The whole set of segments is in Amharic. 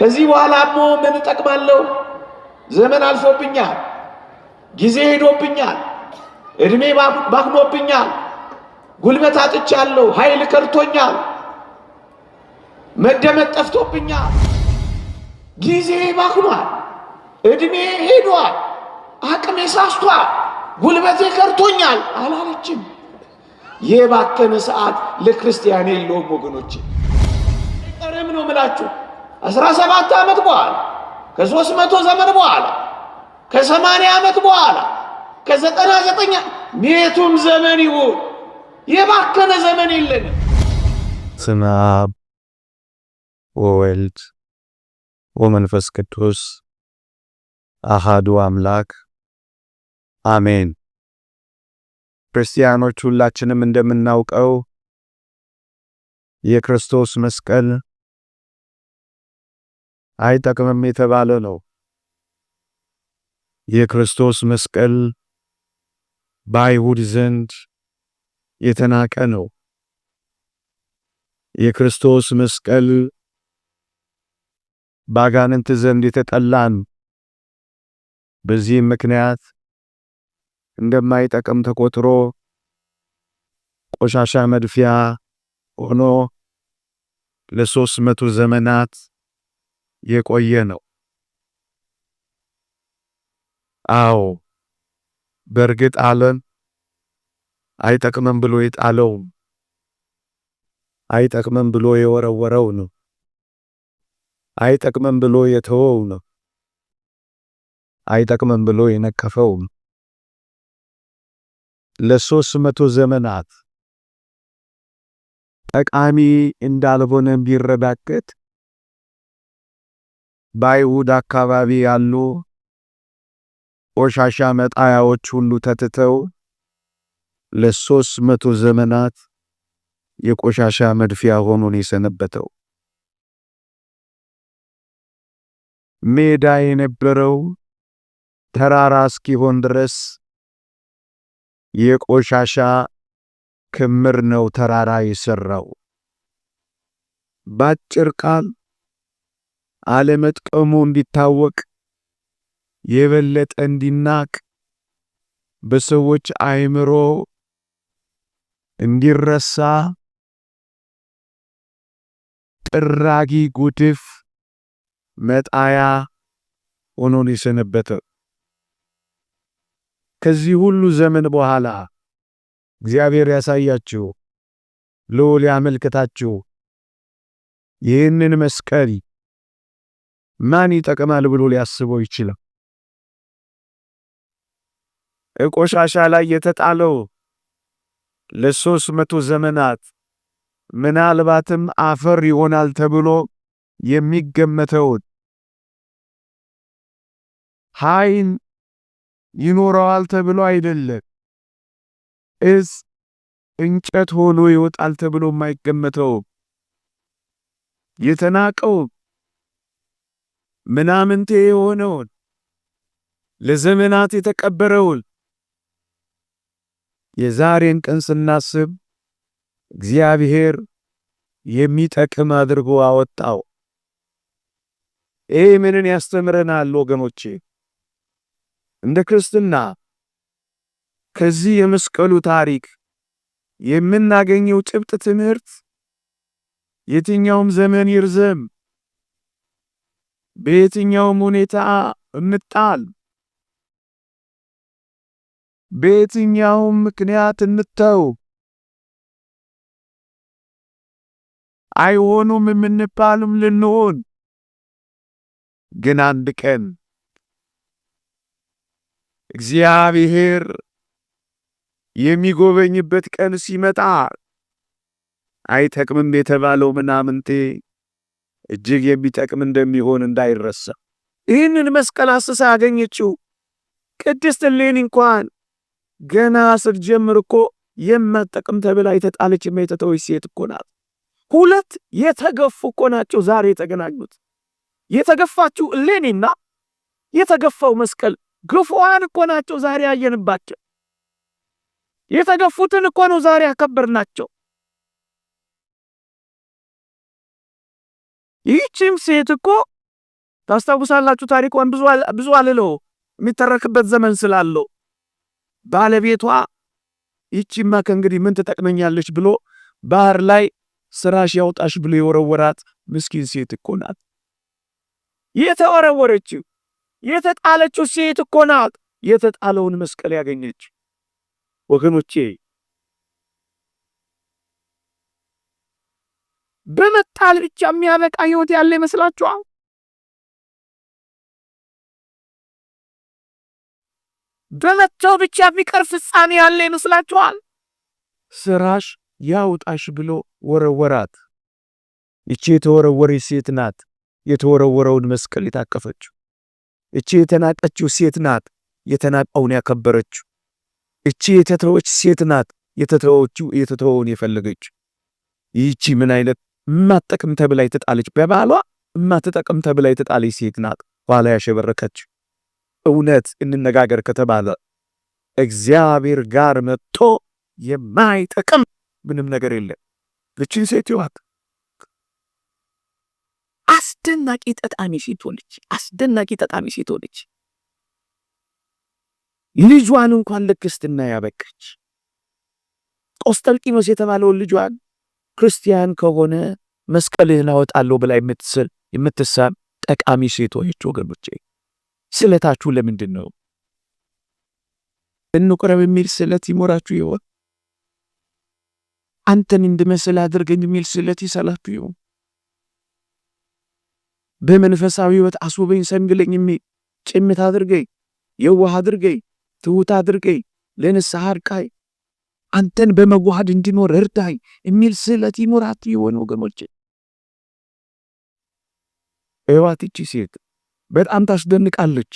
ከዚህ በኋላ ሞ ምን እጠቅማለሁ? ዘመን አልፎብኛል፣ ጊዜ ሄዶብኛል፣ እድሜ ባክኖብኛል፣ ጉልበት አጥቻለሁ፣ ኃይል ከርቶኛል፣ መደመጥ ጠፍቶብኛል፣ ጊዜ ባክኗል፣ እድሜ ሄዷል፣ አቅሜ ሳስቷል፣ ጉልበቴ ከርቶኛል አላለችም። የባከነ ሰዓት ለክርስቲያን የለውም ወገኖች፣ ጠረም ነው ምላችሁ አስራ ሰባት ዓመት በኋላ ከሶስት መቶ ዘመን በኋላ ከሰማንያ ዓመት በኋላ ከዘጠና ዘጠኝ ሜቱም ዘመን ይሁን የባከነ ዘመን የለንም። ስመ አብ ወወልድ ወመንፈስ ቅዱስ አሃዱ አምላክ አሜን። ክርስቲያኖች ሁላችንም እንደምናውቀው የክርስቶስ መስቀል አይጠቅምም የተባለ ነው። የክርስቶስ መስቀል በአይሁድ ዘንድ የተናቀ ነው። የክርስቶስ መስቀል በአጋንንት ዘንድ የተጠላ በዚህም ምክንያት እንደማይጠቅም ተቆጥሮ ቆሻሻ መድፊያ ሆኖ ለሶስት መቶ ዘመናት የቆየ ነው። አዎ በእርግጥ ዓለም አይጠቅመም ብሎ የጣለው አይጠቅመም ብሎ የወረወረው ነው። አይጠቅመም ብሎ የተወው ነው። አይጠቅመም ብሎ የነከፈው ነው። ለሶስት መቶ ዘመናት ጠቃሚ እንዳልሆነ ቢረዳከት በአይሁድ አካባቢ ያሉ ቆሻሻ መጣያዎች ሁሉ ተትተው ለሶስት መቶ ዘመናት የቆሻሻ መድፊያ ሆኖን የሰነበተው ሜዳ የነበረው ተራራ እስኪሆን ድረስ የቆሻሻ ክምር ነው ተራራ የሰራው። ባጭር ቃል አለመጥቀሙ እንዲታወቅ የበለጠ እንዲናቅ በሰዎች አእምሮ እንዲረሳ ጥራጊ ጉድፍ መጣያ ሆኖ የሰነበተ ከዚህ ሁሉ ዘመን በኋላ እግዚአብሔር ያሳያችሁ ልዑል ያመልክታችሁ ይህንን መስቀል ማን ይጠቅማል ብሎ ሊያስበው ይችላል? እቆሻሻ ላይ የተጣለው ለሶስት መቶ ዘመናት ምናልባትም አፈር ይሆናል ተብሎ የሚገመተውን ኃይል ይኖረዋል ተብሎ አይደለም። እጽ እንጨት ሆኖ ይወጣል ተብሎ የማይገመተው የተናቀው ምናምንቴ የሆነውን ለዘመናት የተቀበረውን የዛሬን ቀን ስናስብ እግዚአብሔር የሚጠቅም አድርጎ አወጣው። ይህ ምንን ያስተምረናል ወገኖቼ? እንደ ክርስትና ከዚህ የመስቀሉ ታሪክ የምናገኘው ጭብጥ ትምህርት የትኛውም ዘመን ይርዘም በየትኛውም ሁኔታ እንጣል፣ በየትኛውም ምክንያት እንተው። አይሆኑም የምንባልም ልንሆን ግን አንድ ቀን እግዚአብሔር የሚጎበኝበት ቀን ሲመጣ አይጠቅምም የተባለው ምናምንቴ እጅግ የሚጠቅም እንደሚሆን እንዳይረሳ። ይህንን መስቀል አስሳ ያገኘችው ቅድስት እሌኒ እንኳን ገና ስትጀምር እኮ የማጠቅም ተብላ የተጣለች የተተወች ሴት እኮ ናት። ሁለት የተገፉ እኮ ናቸው ዛሬ የተገናኙት። የተገፋችው እሌኒና የተገፋው መስቀል ግፉዋን እኮ ናቸው ዛሬ ያየንባቸው። የተገፉትን እኮ ነው ዛሬ ያከበርናቸው። ይህችም ሴት እኮ ታስታውሳላችሁ፣ ታሪኳን ብዙ አልለው የሚተረክበት ዘመን ስላለው ባለቤቷ ይቺማ ከእንግዲህ ምን ትጠቅመኛለች ብሎ ባህር ላይ ስራሽ ያውጣሽ ብሎ የወረወራት ምስኪን ሴት እኮ ናት። የተወረወረችው የተጣለችው ሴት እኮ ናት። የተጣለውን መስቀል ያገኘች ወገኖቼ በመጣል ብቻ የሚያበቃ ህይወት ያለ ይመስላችኋል? በመተው ብቻ የሚቀር ፍጻሜ ያለ ይመስላችኋል? ስራሽ ያውጣሽ ብሎ ወረወራት። ይቺ የተወረወረ ሴት ናት የተወረወረውን መስቀል የታቀፈችው። እቺ የተናቀችው ሴት ናት የተናቀውን ያከበረችው። እቺ የተተወች ሴት ናት የተተወችው የተተወውን የፈለገችው። ይህቺ ምን አይነት እማትጠቅም ተብላ የተጣለች በባሏ እማትጠቅም ተብላ የተጣለች ሴት ናት ኋላ ያሸበረከች። እውነት እንነጋገር ከተባለ እግዚአብሔር ጋር መጥቶ የማይጠቅም ምንም ነገር የለም። ልችን ሴት ይዋት አስደናቂ ጠጣሚ ሴት ሆነች። አስደናቂ ጠጣሚ ሴት ሆነች። ልጇን እንኳን ለክርስትና ያበቃች ቆስጠንጢኖስ የተባለውን ልጇን ክርስቲያን ከሆነ መስቀልህን አወጣለሁ ብላ የምትስል የምትሳም ጠቃሚ ሴቶች ወገኖቼ፣ ስለታችሁ ለምንድን ነው? እንቁረብ የሚል ስለት ይሞራችሁ ይሆን? አንተን እንድመስል አድርገኝ የሚል ስለት ይሰላችሁ ይሆን? በመንፈሳዊ ህይወት አስውበኝ፣ ሰንግለኝ የሚል ጭምት አድርገኝ፣ የዋህ አድርገኝ፣ ትሁት አድርገኝ፣ ለንስሐ አርቃይ አንተን በመዋሃድ እንዲኖር እርዳኝ የሚል ስዕለት ይኖራት የሆነ ወገኖች እዋት ይቺ ሴት በጣም ታስደንቃለች።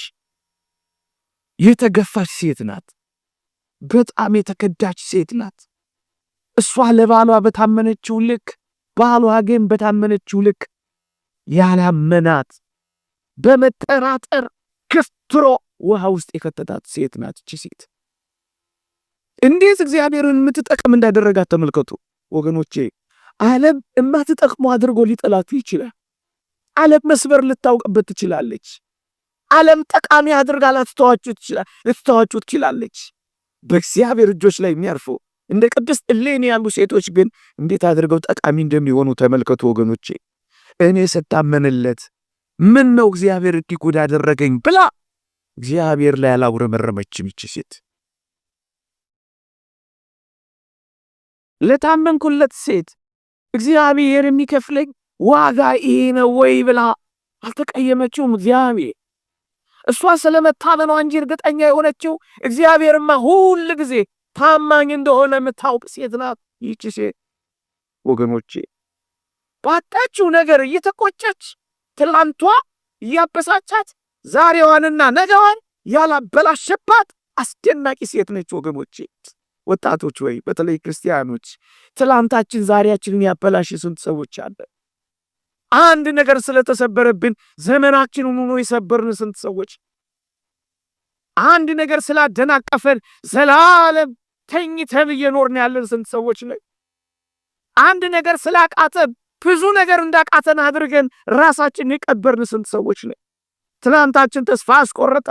የተገፋች ሴት ናት። በጣም የተከዳች ሴት ናት። እሷ ለባሏ በታመነችው ልክ፣ ባሏ ግን በታመነችው ልክ ያላመናት በመጠራጠር ክፍትሮ ውሃ ውስጥ የከተታት ሴት ናት እቺ ሴት። እንዴት እግዚአብሔርን የምትጠቀም እንዳደረጋት ተመልከቱ ወገኖቼ። ዓለም የማትጠቅሙ አድርጎ ሊጠላት ይችላል። ዓለም መስበር ልታውቅበት ትችላለች። ዓለም ጠቃሚ አድርጋ ልትተዋችሁ ትችላለች። በእግዚአብሔር እጆች ላይ የሚያርፉ እንደ ቅድስት እሌኒ ያሉ ሴቶች ግን እንዴት አድርገው ጠቃሚ እንደሚሆኑ ተመልከቱ ወገኖቼ። እኔ ስታመንለት ምን ነው እግዚአብሔር እንዲህ ጉድ አደረገኝ ብላ እግዚአብሔር ላይ አላጉረመረመችም ይች ሴት። ለታመንኩለት ሴት እግዚአብሔር የሚከፍለኝ ዋጋ ይሄ ነው ወይ ብላ አልተቀየመችውም። እግዚአብሔር እሷ ስለመታመኗ እንጂ እርግጠኛ የሆነችው እግዚአብሔርማ ሁል ጊዜ ታማኝ እንደሆነ የምታውቅ ሴት ናት። ይቺ ሴት ወገኖቼ ባጣችው ነገር እየተቆጨች ትላንቷ እያበሳቻት ዛሬዋንና ነገዋን ያላበላሸባት አስደናቂ ሴት ነች ወገኖቼ። ወጣቶች ወይ በተለይ ክርስቲያኖች ትላንታችን ዛሬያችን የሚያበላሽ ስንት ሰዎች አለ። አንድ ነገር ስለተሰበረብን ዘመናችን ሆኖ የሰበርን ስንት ሰዎች፣ አንድ ነገር ስላደናቀፈን ዘላለም ተኝተን እየኖርን ያለን ስንት ሰዎች ነ አንድ ነገር ስላቃጠ ብዙ ነገር እንዳቃተን አድርገን ራሳችን የቀበርን ስንት ሰዎች ነ ትላንታችን ተስፋ አስቆረጠ።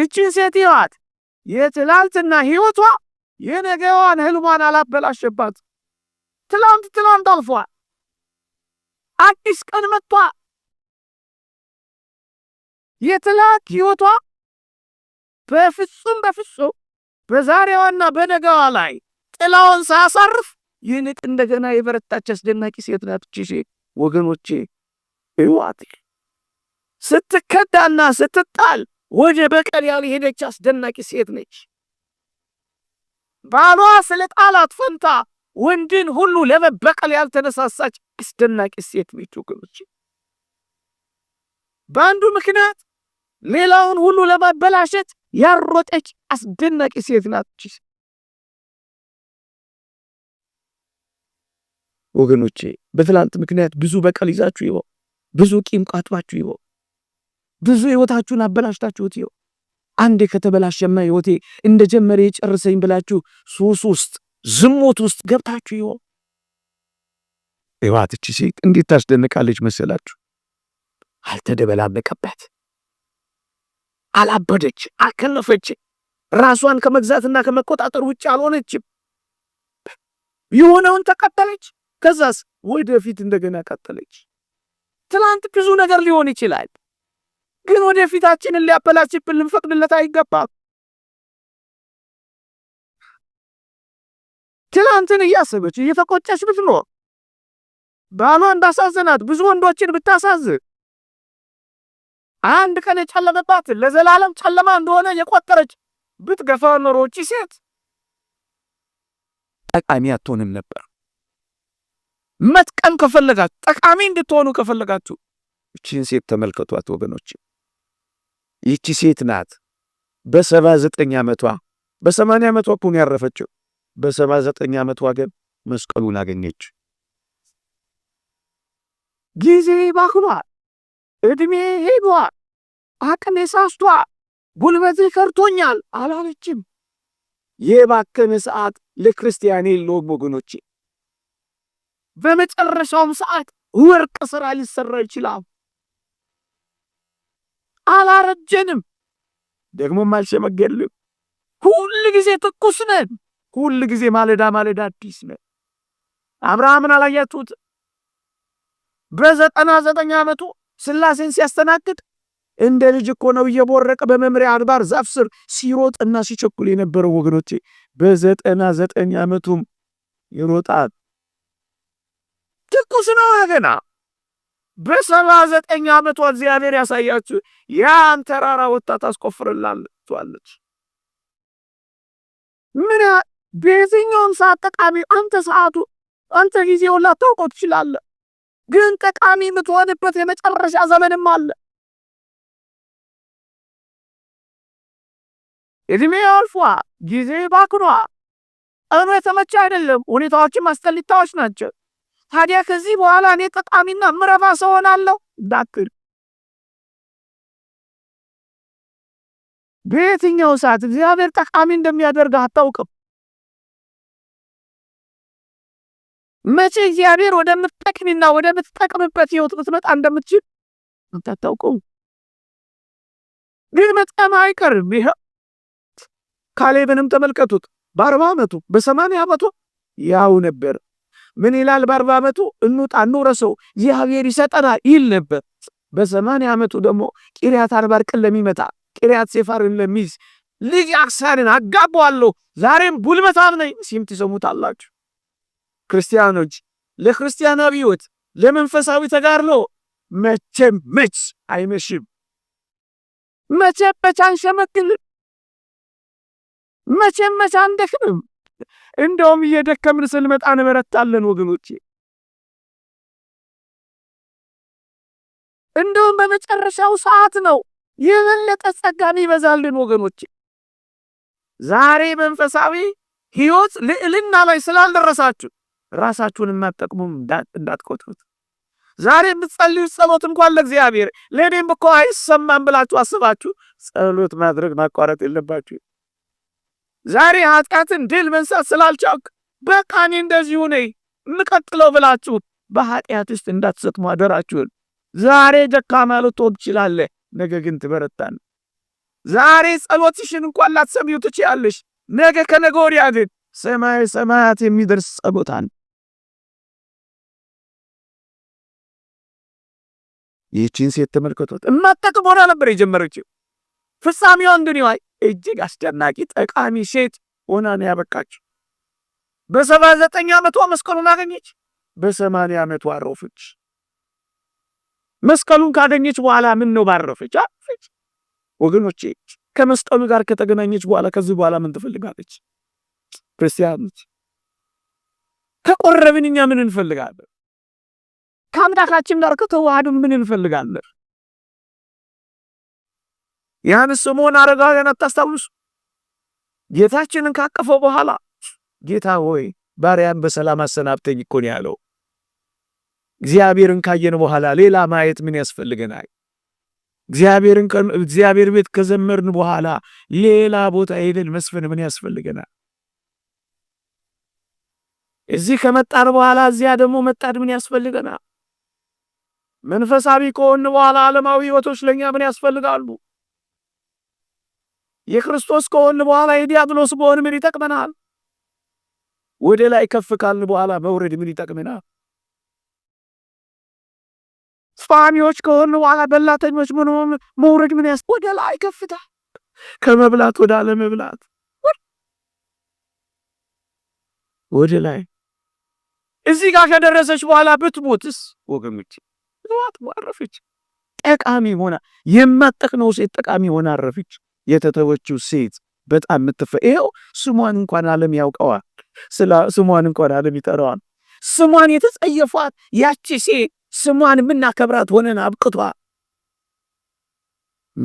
ይችን ሴት ይዋት የትላንትና ህይወቷ የነገዋን ህልሟን አላበላሸባት። ትላንት ትላንት አልፏ አዲስ ቀን መጥቷ የትላንት ህይወቷ በፍጹም በፍጹም በዛሬዋና በነገዋ ላይ ጥላውን ሳያሳርፍ ይህንቅ እንደገና የበረታች አስደናቂ ሴት ወገኖቼ እዋት ስትከዳና ስትጣል ወደ በቀል ያልሄደች አስደናቂ ሴት ነች። ባሏ ስለ ጣላት ፈንታ ወንድን ሁሉ ለመበቀል ያልተነሳሳች አስደናቂ ሴት ነች። ወገኖች በአንዱ ምክንያት ሌላውን ሁሉ ለማበላሸት ያሮጠች አስደናቂ ሴት ናት። ወገኖቼ በትላንት ምክንያት ብዙ በቀል ይዛችሁ ይበው፣ ብዙ ቂም ቃጥባችሁ ይበው። ብዙ ህይወታችሁን አበላሽታችሁት ይኸው አንዴ ከተበላሸመ ህይወቴ እንደ ጀመረ የጨርሰኝ ብላችሁ ሱስ ውስጥ ዝሙት ውስጥ ገብታችሁ ይሆ እባትች ሴት እንዴት ታስደንቃለች መሰላችሁ? አልተደበላለቀበት፣ አላበደች፣ አልከነፈች፣ ራሷን ከመግዛትና ከመቆጣጠር ውጭ አልሆነችም። የሆነውን ተቀጠለች፣ ከዛስ ወደፊት እንደገና ቀጠለች። ትላንት ብዙ ነገር ሊሆን ይችላል። ግን ወደፊታችንን ሊያበላሽብን ልንፈቅድለት አይገባም። ትናንትን እያሰበች እየተቆጨች ብትኖር ባሏ እንዳሳዘናት ብዙ ወንዶችን ብታሳዝን አንድ ቀን የጨለመባትን ለዘላለም ጨለማ እንደሆነ የቆጠረች ብትገፋ ኖሮ ይህች ሴት ጠቃሚ አትሆንም ነበር። መጥቀም ከፈለጋችሁ፣ ጠቃሚ እንድትሆኑ ከፈለጋችሁ ይህችን ሴት ተመልከቷት ወገኖች። ይቺ ሴት ናት። በሰባ ዘጠኝ ዓመቷ በሰማንያ ዓመቷ እኮ ነው ያረፈችው። በሰባ ዘጠኝ ዓመቷ ግን መስቀሉን አገኘች። ጊዜ ባክኗል፣ እድሜ ሄዷል፣ አቅም የሳስቷ ጉልበቴ ከርቶኛል አላለችም። የባከነ ሰዓት ለክርስቲያን የለውም ወገኖቼ። በመጨረሻውም ሰዓት ወርቅ ሥራ ሊሰራ ይችላል። አላረጀንም። ደግሞ አልሸመገልም። ሁል ጊዜ ትኩስ ነን። ሁል ጊዜ ማለዳ ማለዳ አዲስ ነን። አብርሃምን አላያችሁት? በዘጠና ዘጠኝ ዓመቱ ስላሴን ሲያስተናግድ እንደ ልጅ እኮ ነው እየቦረቀ በመምሪያ አድባር ዛፍ ስር እና ሲቸኩል የነበረው ወገኖቼ፣ በዘጠና ዘጠኝ ዓመቱም ይሮጣል። ትኩስ ነው ገና በሰባ ዘጠኝ ዓመቷ እግዚአብሔር ያሳያችሁ ያን ተራራ ወጥታ ታስቆፍርላለች። ምን በየትኛውም ሰዓት ጠቃሚ አንተ ሰዓቱ አንተ ጊዜው ላታውቀው ትችላለህ፣ ግን ጠቃሚ የምትሆንበት የመጨረሻ ዘመንም አለ። እድሜ አልፏ፣ ጊዜ ባክኗ፣ እምነት ተመቻ አይደለም። ሁኔታዎችም አስጠሊታዎች ናቸው። ታዲያ ከዚህ በኋላ እኔ ጠቃሚና ምረባ ሰው ሆናለሁ እንዳትል። በየትኛው ሰዓት እግዚአብሔር ጠቃሚ እንደሚያደርግ አታውቅም። መቼ እግዚአብሔር ወደምትጠቅሚና ወደምትጠቅምበት ህይወት ብትመጣ እንደምትችል አታውቀው። ግን መጣም አይቀርም። ይኸ ካሌብንም ተመልከቱት። በአርባ ዓመቱ በሰማንያ ዓመቱ ያው ነበር። ምን ይላል? በአርባ ዓመቱ እንውጣ እንውረሰው እግዚአብሔር ይሰጠናል ይል ነበር። በሰማንያ ዓመቱ ደግሞ ቂርያት አርባቅን ለሚመጣ ቂርያት ሴፋርን ለሚይዝ ልጅ አክሳንን አጋባዋለሁ ዛሬም ቡልመታም ነኝ ሲም ትሰሙታላችሁ። ክርስቲያኖች ለክርስቲያናዊ ሕይወት ለመንፈሳዊ ተጋድሎ መቼም መች አይመሽም። መቼም መች አንሸመግልም። መቼም መች አንደክምም። እንደውም እየደከምን ስንመጣ እንበረታለን ወገኖቼ። እንደውም በመጨረሻው ሰዓት ነው የበለጠ ጸጋን ይበዛልን ወገኖቼ። ዛሬ መንፈሳዊ ህይወት ልዕልና ላይ ስላልደረሳችሁ ራሳችሁን የማትጠቅሙም እንዳትቆጥሩት። ዛሬ የምትጸልዩ ጸሎት እንኳን ለእግዚአብሔር ለእኔም እኮ አይሰማም ብላችሁ አስባችሁ ጸሎት ማድረግ ማቋረጥ የለባችሁ። ዛሬ ኃጢአትን ድል መንሳት ስላልቻልክ በቃ እኔ እንደዚሁ ነኝ የምቀጥለው ብላችሁ በኃጢአት ውስጥ እንዳትሰጥሙ አደራችሁን። ዛሬ ደካማ ልትሆን ትችላለህ፣ ነገ ግን ትበረታን። ዛሬ ጸሎትሽን እንኳን ላትሰሚው ትችያለሽ፣ ነገ ከነገ ወዲያ ግን ሰማይ ሰማያት የሚደርስ ጸሎታን ይህችን ሴት ተመልከቷት። እማጠቅም ሆና ነበር የጀመረችው ፍጻሜዋ እንድን ይዋይ እጅግ አስደናቂ ጠቃሚ ሴት ሆና ነው ያበቃችው። በሰባ ዘጠኝ ዓመቷ መስቀሉን አገኘች። በሰማንያ ዓመቷ አረፈች። መስቀሉን ካገኘች በኋላ ምን ነው ባረፈች አረፈች። ወገኖቼ ከመስቀሉ ጋር ከተገናኘች በኋላ ከዚህ በኋላ ምን ትፈልጋለች? ክርስቲያኖች ከቆረብን እኛ ምን እንፈልጋለን? ከአምላካችን ጋር ከተዋህዱ ምን እንፈልጋለን? ያን ስምዖን አረጋውያን አታስታውሱ? ጌታችንን ካቀፈው በኋላ ጌታ ሆይ ባሪያን በሰላም አሰናብተኝ እኮ ነው ያለው። እግዚአብሔርን ካየን በኋላ ሌላ ማየት ምን ያስፈልገናል? እግዚአብሔርን እግዚአብሔር ቤት ከዘመርን በኋላ ሌላ ቦታ ሄደን መስፈን ምን ያስፈልገናል? እዚህ ከመጣን በኋላ እዚያ ደግሞ መጣድ ምን ያስፈልገናል? መንፈሳዊ ከሆን በኋላ ዓለማዊ ህይወቶች ለእኛ ምን ያስፈልጋሉ? የክርስቶስ ከሆን በኋላ የዲያብሎስ በሆን ምን ይጠቅመናል? ወደ ላይ ከፍ ካልን በኋላ መውረድ ምን ይጠቅመናል? ፋሚዎች ከሆን በኋላ በላተኞች ምን መውረድ ምን ያስ ወደ ላይ ከፍታ ከመብላት ወደ አለመብላት ወደ ላይ እዚህ ጋር ከደረሰች በኋላ ብትሞትስ ወገኖች ዋት አረፈች። ጠቃሚ ሆና የማጠቅነው ሴት ጠቃሚ ሆና አረፈች። የተተወችው ሴት በጣም የምትፈ ይኸው ስሟን እንኳን ዓለም ያውቀዋል። ስሟን እንኳን ዓለም ይጠራዋል። ስሟን የተጸየፏት ያቺ ሴት ስሟን የምናከብራት ሆነን አብቅቷ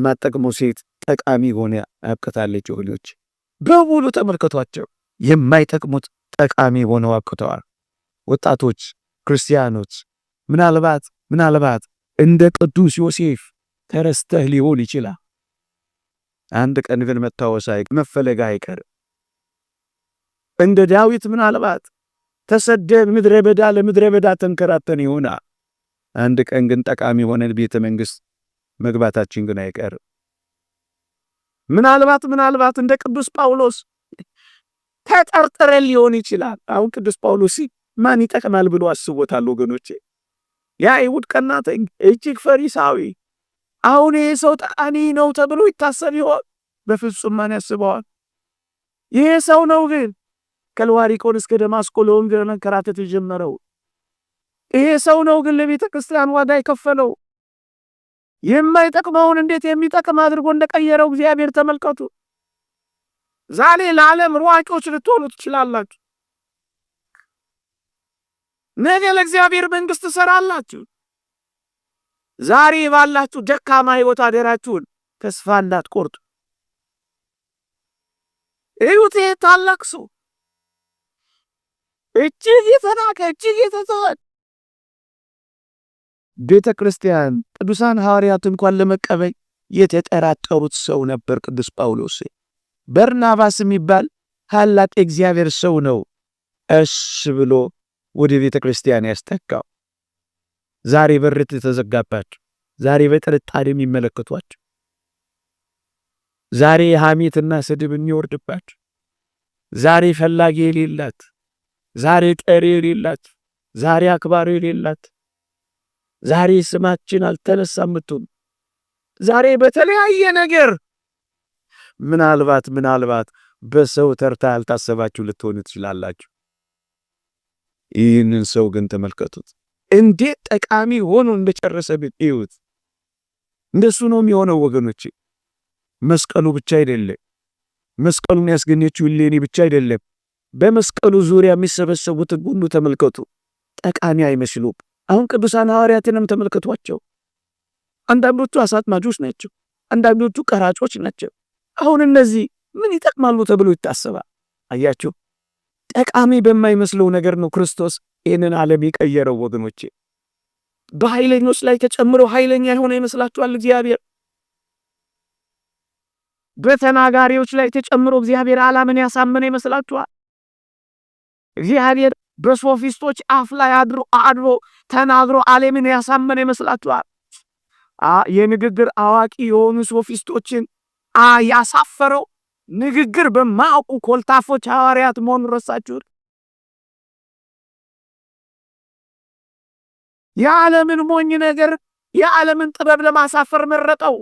ማጠቅሞ ሴት ጠቃሚ ሆነ አብቅታለች። ሆኖች በሙሉ ተመልከቷቸው፣ የማይጠቅሙት ጠቃሚ ሆነው አብቅተዋል። ወጣቶች ክርስቲያኖች ምናልባት ምናልባት እንደ ቅዱስ ዮሴፍ ተረስተህ ሊሆን ይችላል። አንድ ቀን ግን መታወስ መፈለግ አይቀርም። እንደ ዳዊት ምናልባት ተሰደ ምድረ በዳ ለምድረ በዳ ተንከራተን ይሆና አንድ ቀን ግን ጠቃሚ የሆነ ቤተ መንግሥት መግባታችን ግን አይቀርም። ምናልባት ምናልባት እንደ ቅዱስ ጳውሎስ ተጠርጥረን ሊሆን ይችላል። አሁን ቅዱስ ጳውሎስ ማን ይጠቅማል ብሎ አስቦታል ወገኖቼ። የአይሁድ ቀናተኛ እጅግ ፈሪሳዊ አሁን ይህ ሰው ጠቃሚ ነው ተብሎ ይታሰብ ይሆን? በፍጹም ማን ያስበዋል? ይሄ ሰው ነው ግን ከልዋሪቆን እስከ ደማስቆ ለወንጌል መንከራተት የጀመረው ይሄ ሰው ነው ግን ለቤተ ክርስቲያን ዋጋ የከፈለው የማይጠቅመውን እንዴት የሚጠቅም አድርጎ እንደቀየረው እግዚአብሔር ተመልከቱ። ዛሬ ለዓለም ሯቂዎች ልትሆኑ ትችላላችሁ። ነገ ለእግዚአብሔር መንግስት ትሰራላችሁ። ዛሬ ባላችሁ ደካማ ህይወት አደራችሁን ተስፋ እንዳትቆርጡ። እዩት ታላቅ ሰው እጅግ የተናቀ እጅግ የተሰወደ ቤተ ክርስቲያን ቅዱሳን ሐዋርያት እንኳን ለመቀበል የተጠራጠሩት ሰው ነበር። ቅዱስ ጳውሎስ በርናባስ የሚባል ታላቅ እግዚአብሔር ሰው ነው። እሽ ብሎ ወደ ቤተ ክርስቲያን ያስተካው ዛሬ በርት የተዘጋባቸው! ዛሬ በጥርጣሬ የሚመለከቷቸው፣ ዛሬ ሐሜትና ስድብ የሚወርድባት ዛሬ ፈላጊ የሌላት፣ ዛሬ ጠሪ የሌላት፣ ዛሬ አክባሪ የሌላት፣ ዛሬ ስማችን አልተነሳ የምትሆኑ፣ ዛሬ በተለያየ ነገር ምናልባት ምናልባት በሰው ተርታ ያልታሰባችሁ ልትሆኑ ትችላላችሁ። ይህንን ሰው ግን ተመልከቱት፣ እንዴት ጠቃሚ ሆኖ እንደጨረሰ ብት እንደሱ ነው የሚሆነው ወገኖች መስቀሉ ብቻ አይደለም መስቀሉን ያስገኘችው እሌኒ ብቻ አይደለም። በመስቀሉ ዙሪያ የሚሰበሰቡትን ሁሉ ተመልከቱ። ጠቃሚ አይመስሉም። አሁን ቅዱሳን ሐዋርያትንም ተመልከቷቸው። አንዳንዶቹ አሳጥማጆች ናቸው፣ አንዳንዶቹ ቀራጮች ናቸው። አሁን እነዚህ ምን ይጠቅማሉ ተብሎ ይታሰባል? አያችሁ፣ ጠቃሚ በማይመስለው ነገር ነው ክርስቶስ ይህንን ዓለም የቀየረው ወገኖቼ። በኃይለኞች ላይ ተጨምሮ ኃይለኛ የሆነ ይመስላችኋል? እግዚአብሔር በተናጋሪዎች ላይ ተጨምሮ እግዚአብሔር ዓለምን ያሳመነ ይመስላችኋል? እግዚአብሔር በሶፊስቶች አፍ ላይ አድሮ አድሮ ተናግሮ ዓለምን ያሳመነ ይመስላችኋል? የንግግር አዋቂ የሆኑ ሶፊስቶችን ያሳፈረው ንግግር በማያውቁ ኮልታፎች ሐዋርያት መሆኑን ረሳችሁት? የዓለምን ሞኝ ነገር የዓለምን ጥበብ ለማሳፈር መረጠው።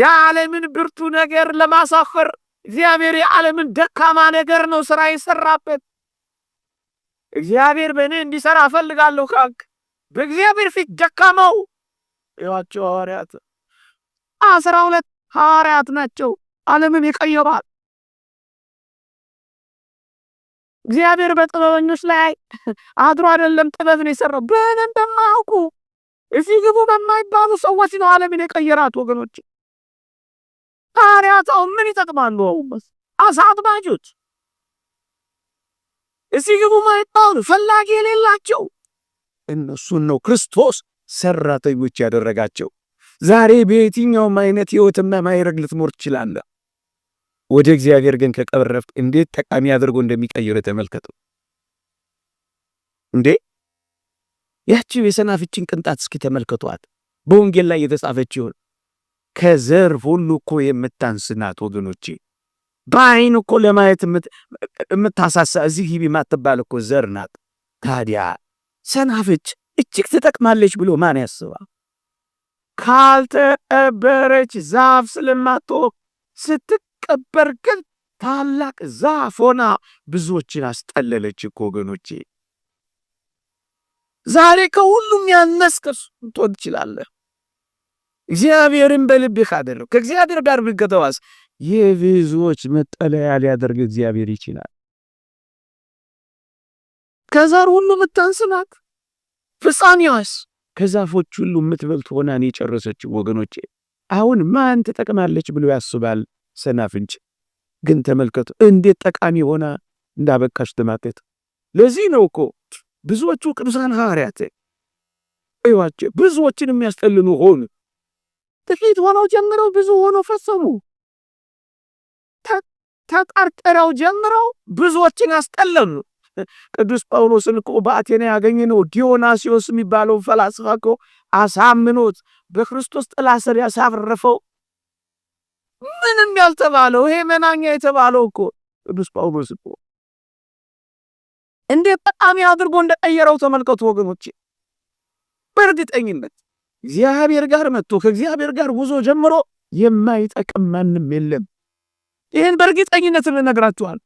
የዓለምን ብርቱ ነገር ለማሳፈር እግዚአብሔር የዓለምን ደካማ ነገር ነው ስራ የሰራበት። እግዚአብሔር በእኔ እንዲሰራ እፈልጋለሁ ካልክ በእግዚአብሔር ፊት ደካማው ይዋቸው ሐዋርያት አስራ ሁለት ሐዋርያት ናቸው ዓለምን ይቀየሯል። እግዚአብሔር በጥበበኞች ላይ አድሮ አይደለም ጥበብን የሰራው በደንብ በማያውቁ እዚህ ግቡ በማይባሉ ሰዎች ነው ዓለምን የቀየራት ወገኖች። ታሪያታው ምን ይጠቅማሉ? አሁንስ አሳት ባጆች እዚህ ግቡ ማይባሉ ፈላጊ የሌላቸው እነሱን ነው ክርስቶስ ሰራተኞች ያደረጋቸው። ዛሬ በየትኛውም አይነት ህይወትና ማይረግ ልትኖር ትችላለህ። ወደ እግዚአብሔር ግን ከቀረፍ እንዴት ጠቃሚ አድርጎ እንደሚቀይር ተመልከቱ። እንዴ ያችው የሰናፍጭን ቅንጣት እስኪ ተመልከቷት። በወንጌል ላይ ይሆን ከዘር ሁሉ እኮ የምታንስ ናት ወገኖቼ። በአይን እኮ ለማየት የምታሳሳ እዚህ ግቢ ማትባል እኮ ዘር ናት። ታዲያ ሰናፍጭ እጅግ ትጠቅማለች ብሎ ማን ያስባ? ካልተቀበረች ዛፍ ስለማትወቅ ስትት ስትቀበር ግን ታላቅ ዛፍ ሆና ብዙዎችን አስጠለለች እኮ ወገኖቼ። ዛሬ ከሁሉም ያነስክ እርሱን ትወድ ትችላለህ። እግዚአብሔርን በልብህ አደረው። ከእግዚአብሔር ጋር ብትተዋስ የብዙዎች መጠለያ ሊያደርግ እግዚአብሔር ይችላል። ከዛር ሁሉ የምታንስናት ፍጻሜዋስ ከዛፎች ሁሉ የምትበልጥ ሆናን የጨረሰችው ወገኖቼ፣ አሁን ማን ትጠቅማለች ብሎ ያስባል? ሰናፍንጭ ግን ተመልከቱ እንዴት ጠቃሚ ሆና እንዳበካሽ ለማጤት። ለዚህ ነው እኮ ብዙዎቹ ቅዱሳን ሐዋርያት እዩዋቸው፣ ብዙዎችን የሚያስጠልሉ ሆኑ። ጥቂት ሆነው ጀምረው ብዙ ሆኖ ፈሰሙ። ተጠርጥረው ጀምረው ብዙዎችን አስጠለኑ ቅዱስ ጳውሎስን እኮ በአቴና ያገኘነው ዲዮናሲዮስ የሚባለው ፈላስፋ እኮ አሳምኖት በክርስቶስ ጥላ ስር ያሳረፈው ምንም ያልተባለው ይሄ መናኛ የተባለው እኮ ቅዱስ ጳውሎስ እኮ እንዴት በጣም አድርጎ እንደቀየረው ተመልከቱ ወገኖች በእርግጠኝነት እግዚአብሔር ጋር መጥቶ ከእግዚአብሔር ጋር ጉዞ ጀምሮ የማይጠቅም ማንም የለም። ይህን በእርግጠኝነት ልነግራችኋል።